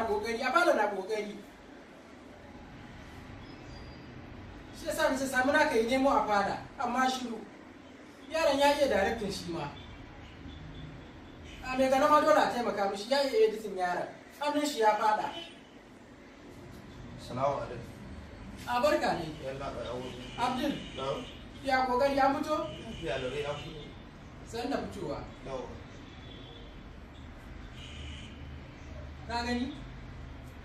na kokari abala na kokari shi yasa mace samu naka yi nemo a fada amma shiru yaron ya iya daraktin shi ma a mai gana ma dole a taimaka mishi ya iya editin yaron hannun shi ya fada salamu alaikum a ne abdul ya kokari ya fito ya lura ya fito san da fitowa na gani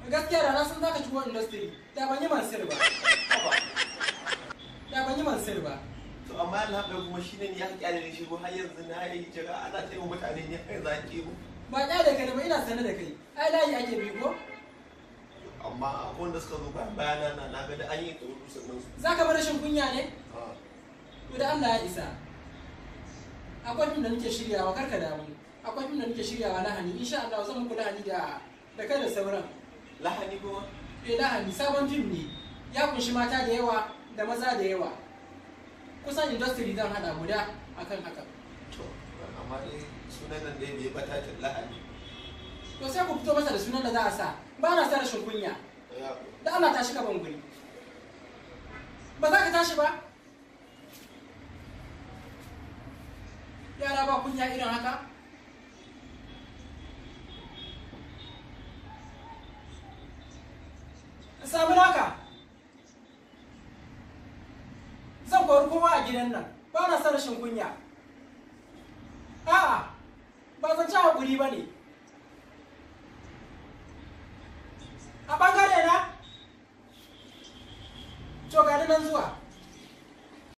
gaskiya da na san zaka shigo industry da ban yi mansir ba da ban yi mansir ba to amma yana haɗa kuma shi ne ya kyale ne shigo har yanzu na yi jira ana ce wa mutane ne har za ki mu ba da da kai ba ina sanar da kai ai layi ake bi ko amma abun wanda suka zo bayan bayana na na ga da an yi ɗauru sannan su zaka bar rashin kunya ne ah. to da Allah ya isa akwai fim da nake shiryawa karka damu akwai fim da nake shiryawa lahani insha Allah zan muku lahani da da kai da sauran lahani kuma eh lahani sabon fim ne ya kunshi mata da yawa da maza da yawa kusan industry zan hada guda akan haka to amma dai sunan nan dai bai bata ta lahani to sai ku fito masa da sunan da za a sa ba na sa rashin kunya da Allah ta ka ban guri ba za ka tashi ba yara ba kunya irin haka ka sami naka zan kori kowa a gidan nan ba na sa rashin kunya a'a ba zan ci haƙuri ba ne a ɓangare na to ga nan zuwa